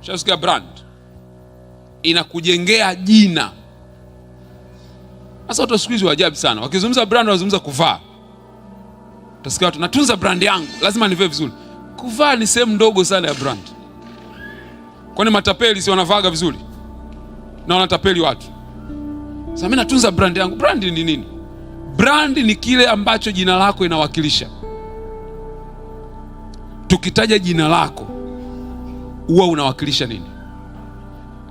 shasikia brand inakujengea jina. Sasa watu siku hizi waajabu sana, wakizungumza brand wanazungumza kuvaa. Utasikia watu natunza brand yangu, lazima nivae vizuri. Kuvaa ni sehemu ndogo sana ya brand, kwani matapeli si wanavaaga vizuri na wanatapeli watu? Sasa mimi natunza brand yangu. Brand ni nini? Brand ni kile ambacho jina lako inawakilisha. Tukitaja jina lako huwa unawakilisha nini?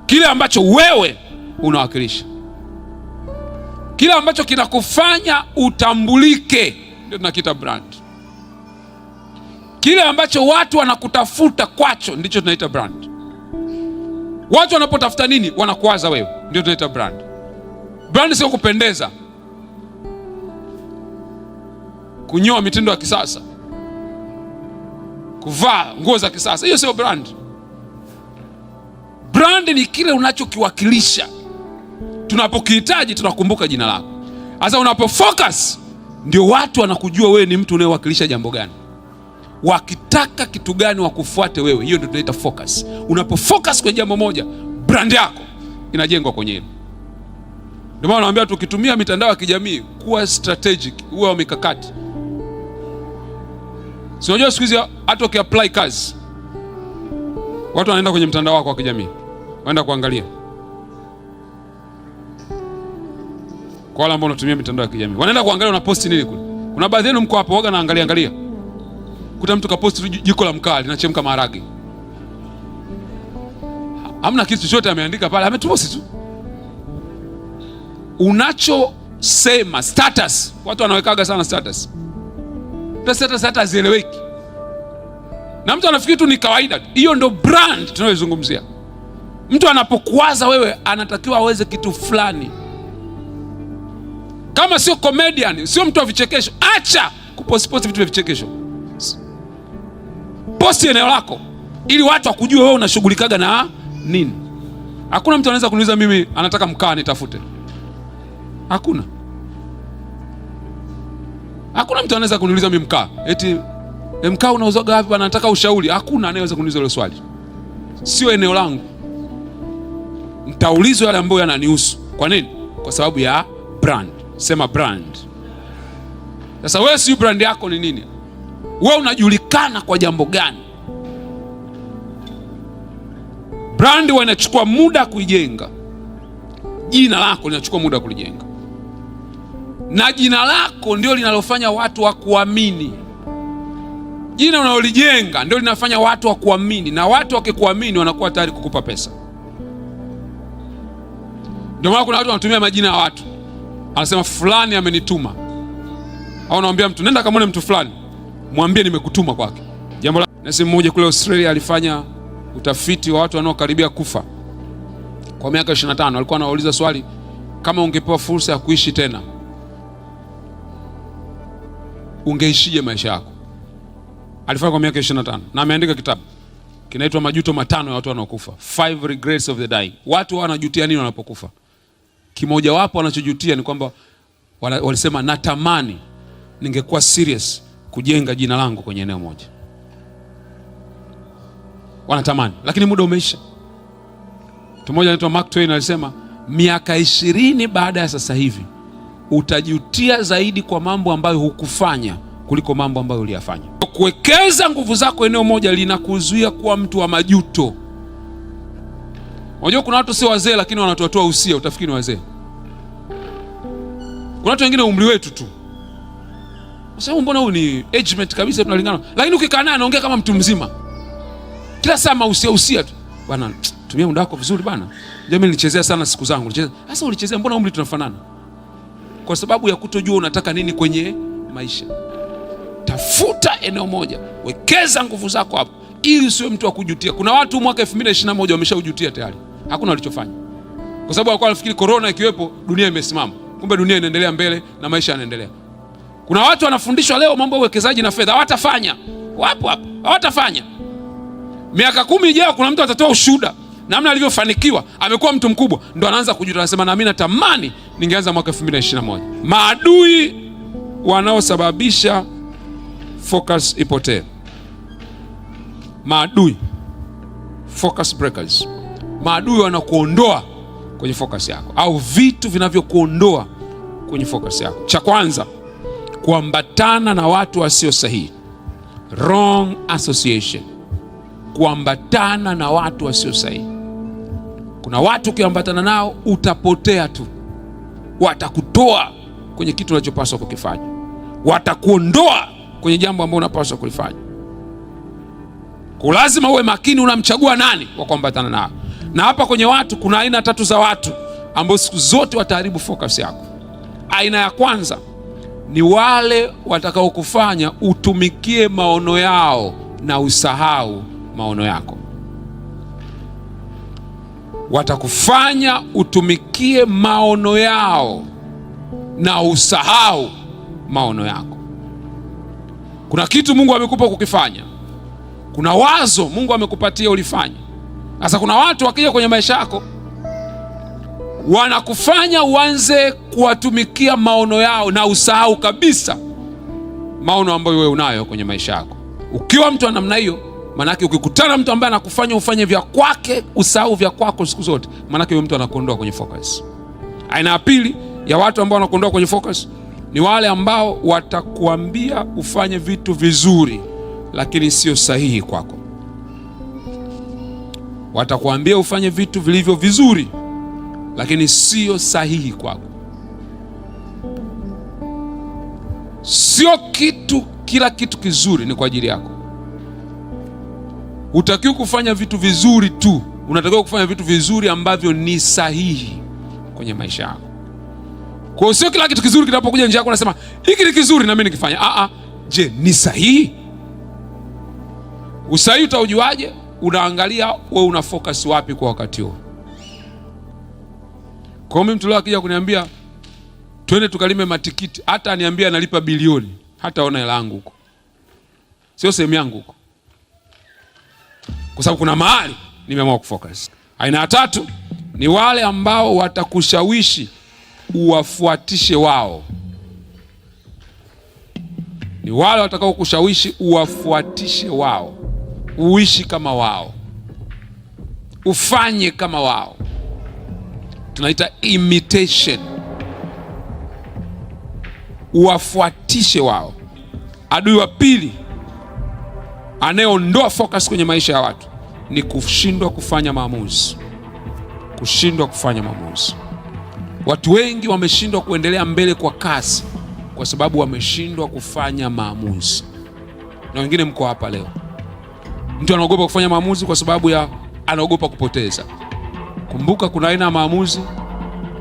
Kile ambacho wewe unawakilisha, kile ambacho kinakufanya utambulike, ndio tunakiita brand. Kile ambacho watu wanakutafuta kwacho ndicho tunaita brand. Watu wanapotafuta nini, wanakuwaza wewe, ndio tunaita brand. Brand sio kupendeza, kunyoa mitindo ya kisasa, kuvaa nguo za kisasa, hiyo sio brand. Brand ni kile unachokiwakilisha. Tunapokihitaji tunakumbuka jina lako. Sasa unapofocus, ndio watu wanakujua wewe ni mtu unayewakilisha jambo gani, wakitaka kitu gani wakufuate wewe. Hiyo ndio tunaita focus. Unapofocus kwenye jambo moja, brand yako inajengwa kwenye hilo. Ndio maana naambia tukitumia mitandao ya kijamii kuwa strategic, wa mikakati. Si unajua siku hizi hata ukiapply kazi watu wanaenda kwenye mtandao wako wa kijamii. Kwenda kuangalia kwa wale ambao unatumia mitandao ya kijamii wanaenda kuangalia unaposti nini kule. Kuna baadhi yenu mko hapo waga naangalia angalia, kuta mtu kaposti jiko la mkaa linachemka maharage, hamna kitu chochote ameandika pale, ametuposti tu unachosema. Status watu wanawekaga sana status, status hata hazieleweki na mtu anafikiri tu ni kawaida. Hiyo ndo brand tunayoizungumzia. Mtu anapokuwaza wewe, anatakiwa aweze kitu fulani. Kama sio comedian, sio mtu wa vichekesho, acha kupostiposti vitu vya vichekesho. Posti eneo lako, ili watu wakujue wewe unashughulikaga na nini. Hakuna mtu anaweza kuniuliza mimi, anataka mkaa nitafute. Hakuna, hakuna mtu anaweza kuniuliza mimi mkaa, eti eh, mkaa unauzaga wapi bwana, anataka ushauri. Hakuna anayeweza kuniuliza hilo swali, sio eneo langu nitaulizwa yale ambayo yananihusu. Kwa nini? Kwa sababu ya brand. Sema brand. Sasa wewe, si brand yako ni nini? Wewe unajulikana kwa jambo gani? Brand huwa inachukua muda kuijenga. Jina lako linachukua muda kulijenga, na jina lako ndio linalofanya watu wakuamini. Jina unalolijenga ndio linafanya watu wakuamini, na watu wakikuamini wanakuwa tayari kukupa pesa. Ndio maana kuna watu wanatumia majina ya watu, anasema fulani amenituma, au naambia mtu nenda kamwone mtu fulani, mwambie nimekutuma kwake. Jambo la nasi mmoja kule Australia alifanya utafiti wa watu wanaokaribia kufa kwa miaka 25. Alikuwa anawauliza swali, kama ungepewa fursa ya kuishi tena ungeishije maisha yako? Alifanya kwa miaka 25 na ameandika kitabu kinaitwa Majuto Matano ya Watu Wanaokufa, Five Regrets of the Dying. Watu wanajutia nini wanapokufa? kimojawapo wanachojutia ni kwamba walisema, natamani ningekuwa serious kujenga jina langu kwenye eneo moja. Wanatamani, lakini muda umeisha. Mtu mmoja anaitwa Mark Twain alisema, miaka ishirini baada ya sasa hivi utajutia zaidi kwa mambo ambayo hukufanya kuliko mambo ambayo uliyafanya. Kuwekeza nguvu zako eneo moja linakuzuia kuwa mtu wa majuto. Unajua kuna watu sio wazee lakini wanatoatoa usia, utafikiri ni wazee. Kuna watu wengine umri wetu tu, sababu mbona huyu ni age mate kabisa, tunalingana, lakini ukikaa naye anaongea kama mtu mzima, kila saa mausia usia tu. Bwana, tumia muda wako vizuri bwana. Mimi nilichezea sana siku zangu. Nilicheza. Sasa ulichezea, mbona umri tunafanana? Kwa sababu ya kutojua unataka nini kwenye maisha. Tafuta eneo moja, wekeza nguvu zako hapo, ili usiwe mtu wa kujutia. Kuna watu mwaka 2021 wameshaujutia tayari hakuna walichofanya, kwa sababu walikuwa wanafikiri korona ikiwepo dunia imesimama. Kumbe dunia inaendelea mbele na maisha yanaendelea. Kuna watu wanafundishwa leo mambo ya uwekezaji na fedha, hawatafanya. Wapo hapo, hawatafanya. Miaka kumi ijayo, kuna mtu atatoa ushuda namna alivyofanikiwa, amekuwa mtu mkubwa, ndo anaanza kujuta, anasema nami natamani ningeanza mwaka 2021. Maadui wanaosababisha focus ipotee, maadui focus breakers maadui wanakuondoa kwenye focus yako, au vitu vinavyokuondoa kwenye focus yako. Cha kwanza, kuambatana na watu wasio sahihi, wrong association. Kuambatana na watu wasio sahihi. Kuna watu ukiambatana nao utapotea tu, watakutoa kwenye kitu unachopaswa kukifanya, watakuondoa kwenye jambo ambao unapaswa kulifanya. Lazima uwe makini, unamchagua nani wa kuambatana nao. Na hapa kwenye watu kuna aina tatu za watu ambao siku zote wataharibu focus yako. Aina ya kwanza ni wale watakaokufanya utumikie maono yao na usahau maono yako. Watakufanya utumikie maono yao na usahau maono yako. Kuna kitu Mungu amekupa kukifanya, kuna wazo Mungu amekupatia ulifanya sasa kuna watu wakija kwenye maisha yako wanakufanya uanze kuwatumikia maono yao na usahau kabisa maono ambayo wewe unayo kwenye maisha yako. Ukiwa mtu wa namna hiyo, maanake ukikutana mtu ambaye anakufanya ufanye vya kwake, usahau vya kwako siku zote, maanake huyo mtu anakuondoa kwenye focus. Aina ya pili ya watu ambao wanakuondoa kwenye focus ni wale ambao watakuambia ufanye vitu vizuri, lakini sio sahihi kwako. Watakuambia ufanye vitu vilivyo vizuri, lakini sio sahihi kwako. Sio kitu, kila kitu kizuri ni kwa ajili yako. utakiwa kufanya vitu vizuri tu, unatakiwa kufanya vitu vizuri ambavyo ni sahihi kwenye maisha yako. Kwa hiyo sio kila kitu kizuri kinapokuja njia yako unasema hiki ni kizuri na mimi nikifanya. Aa, ah, ah. je, ni sahihi? Usahihi utaujuaje? unaangalia wewe una focus wapi kwa wakati huo. Kwa mimi mtu leo akija kuniambia twende tukalime matikiti, hata aniambia analipa bilioni, hata ona hela yangu huko, sio sehemu yangu huko, kwa sababu kuna mahali nimeamua kufocus. Aina ya tatu ni wale ambao watakushawishi uwafuatishe wao, ni wale watakaokushawishi uwafuatishe wao uishi kama wao, ufanye kama wao. Tunaita imitation, uwafuatishe wao. Adui wa pili anayeondoa focus kwenye maisha ya watu ni kushindwa kufanya maamuzi, kushindwa kufanya maamuzi. Watu wengi wameshindwa kuendelea mbele kwa kasi kwa sababu wameshindwa kufanya maamuzi, na wengine mko hapa leo Mtu anaogopa kufanya maamuzi kwa sababu ya anaogopa kupoteza. Kumbuka, kuna aina ya maamuzi,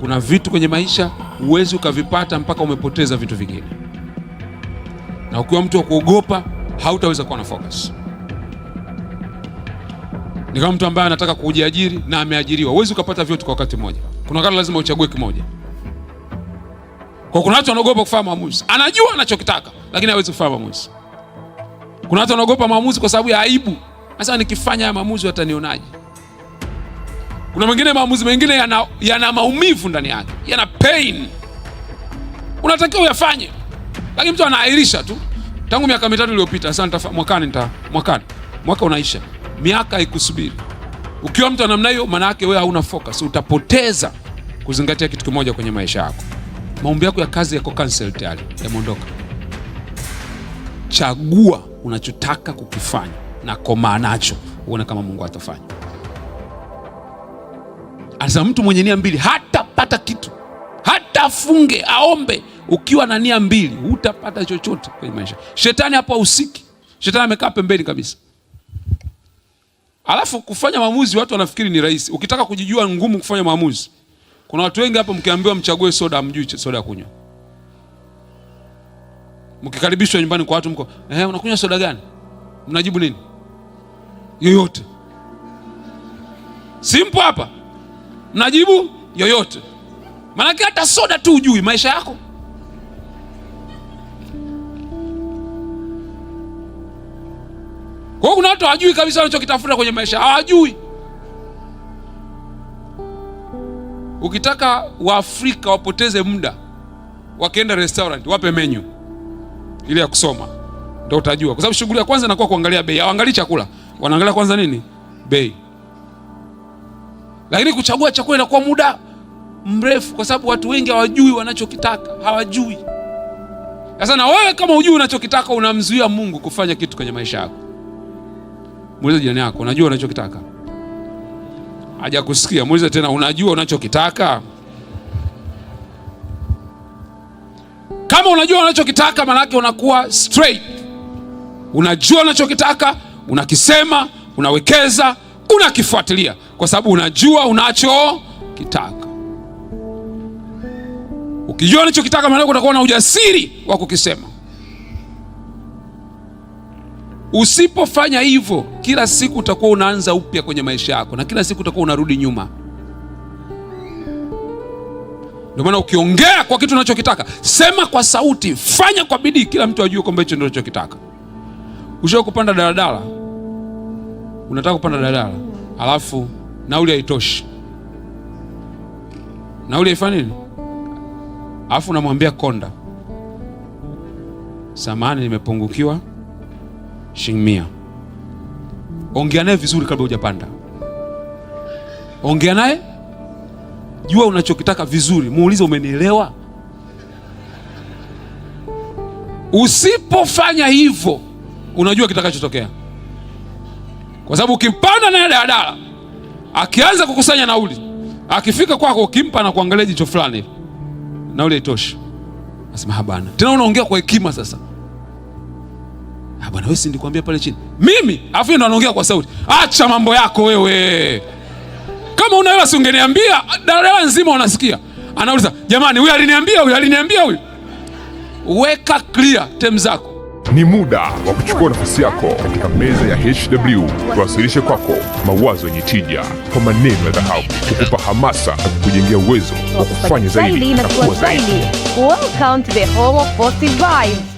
kuna vitu kwenye maisha huwezi ukavipata mpaka umepoteza vitu vingine, na ukiwa mtu wa kuogopa hautaweza kuwa na focus. Ni kama mtu ambaye anataka kujiajiri na ameajiriwa, huwezi ukapata vyote kwa wakati mmoja. Kuna wakati lazima uchague kimoja. Kwa kuna watu wanaogopa kufanya maamuzi, anajua anachokitaka lakini hawezi kufanya maamuzi. Kuna watu wanaogopa maamuzi kwa sababu ya aibu. Sasa nikifanya haya maamuzi watanionaje? Kuna mwingine maamuzi mengine yana, yana maumivu ndani yake, yana pain, unatakiwa uyafanye, lakini mtu anaahirisha tu. Tangu miaka mitatu iliyopita, sasa mwakani nita mwakani, mwaka unaisha, miaka haikusubiri. Ukiwa mtu namna hiyo, maana yake wewe hauna focus, utapoteza kuzingatia kitu kimoja kwenye maisha yako. Maombi yako ya kazi yako cancel tayari, yameondoka. Chagua unachotaka kukifanya na komaa nacho, uone kama Mungu atafanya. Anasema mtu mwenye nia mbili hatapata kitu, hata afunge aombe. Ukiwa na nia mbili hutapata chochote kwenye maisha. Shetani hapo hahusiki, shetani amekaa pembeni kabisa. Alafu kufanya maamuzi, watu wanafikiri ni rahisi. Ukitaka kujijua ngumu kufanya maamuzi. Kuna watu wengi hapo mkiambiwa mchague soda, amjui soda ya kunywa. Mkikaribishwa nyumbani kwa watu, mko eh, unakunywa soda gani? Mnajibu nini? yoyote. Simpo hapa, mnajibu yoyote. Maanake hata soda tu ujui maisha yako. Kwa hiyo kuna watu hawajui kabisa wanachokitafuta kwenye maisha, hawajui. Ukitaka Waafrika wapoteze muda wakienda restaurant, wape menu ile ya kusoma, ndo utajua, kwa sababu shughuli ya kwanza inakuwa kuangalia bei, hawaangalii chakula wanaangalia kwanza nini? Bei. Lakini kuchagua chakula inakuwa muda mrefu, kwa sababu watu wengi hawajui wanachokitaka, hawajui. Sasa na wewe kama hujui unachokitaka, unamzuia Mungu kufanya kitu kwenye maisha yako. Muulize jirani yako, unajua unachokitaka? Hajakusikia. Muulize tena, unajua unachokitaka? Kama unajua unachokitaka, maanake unakuwa straight, unajua unachokitaka unakisema, unawekeza, unakifuatilia kwa sababu unajua unachokitaka. Ukijua unachokitaka, maanake utakuwa na ujasiri wa kukisema. Usipofanya hivyo, kila siku utakuwa unaanza upya kwenye maisha yako, na kila siku utakuwa unarudi nyuma. Ndio maana ukiongea kwa kitu unachokitaka, sema kwa sauti, fanya kwa bidii, kila mtu ajue kwamba hicho ndio unachokitaka. Ushawahi kupanda daladala? unataka kupanda daladala, alafu nauli haitoshi, nauli haifanya nini, alafu unamwambia konda, samani, nimepungukiwa shilingi mia. Ongea naye vizuri kabla hujapanda, ongea naye, jua unachokitaka vizuri, muulize umenielewa. Usipofanya hivyo, unajua kitakachotokea kwa sababu ukimpanda naye daladala akianza kukusanya nauli, akifika kwako ukimpa na kuangalia jicho fulani, nauli haitoshi, nasema habana tena. Unaongea kwa hekima sasa Bwana, wewe si nilikwambia pale chini mimi? Afu ndo anaongea kwa sauti, acha mambo yako wewe, kama una hela si ungeniambia. Daladala nzima unasikia anauliza, jamani, huyu aliniambia, huyu aliniambia, huyu. Weka clear tem zako. Ni muda wa kuchukua nafasi yako katika meza ya HW, tuwasilishe kwako mawazo yenye tija kwa maneno ya dhahabu, kukupa hamasa na kukujengea uwezo wa kufanya zaidi na kuwa zaidi. Welcome to the home of positive vibes.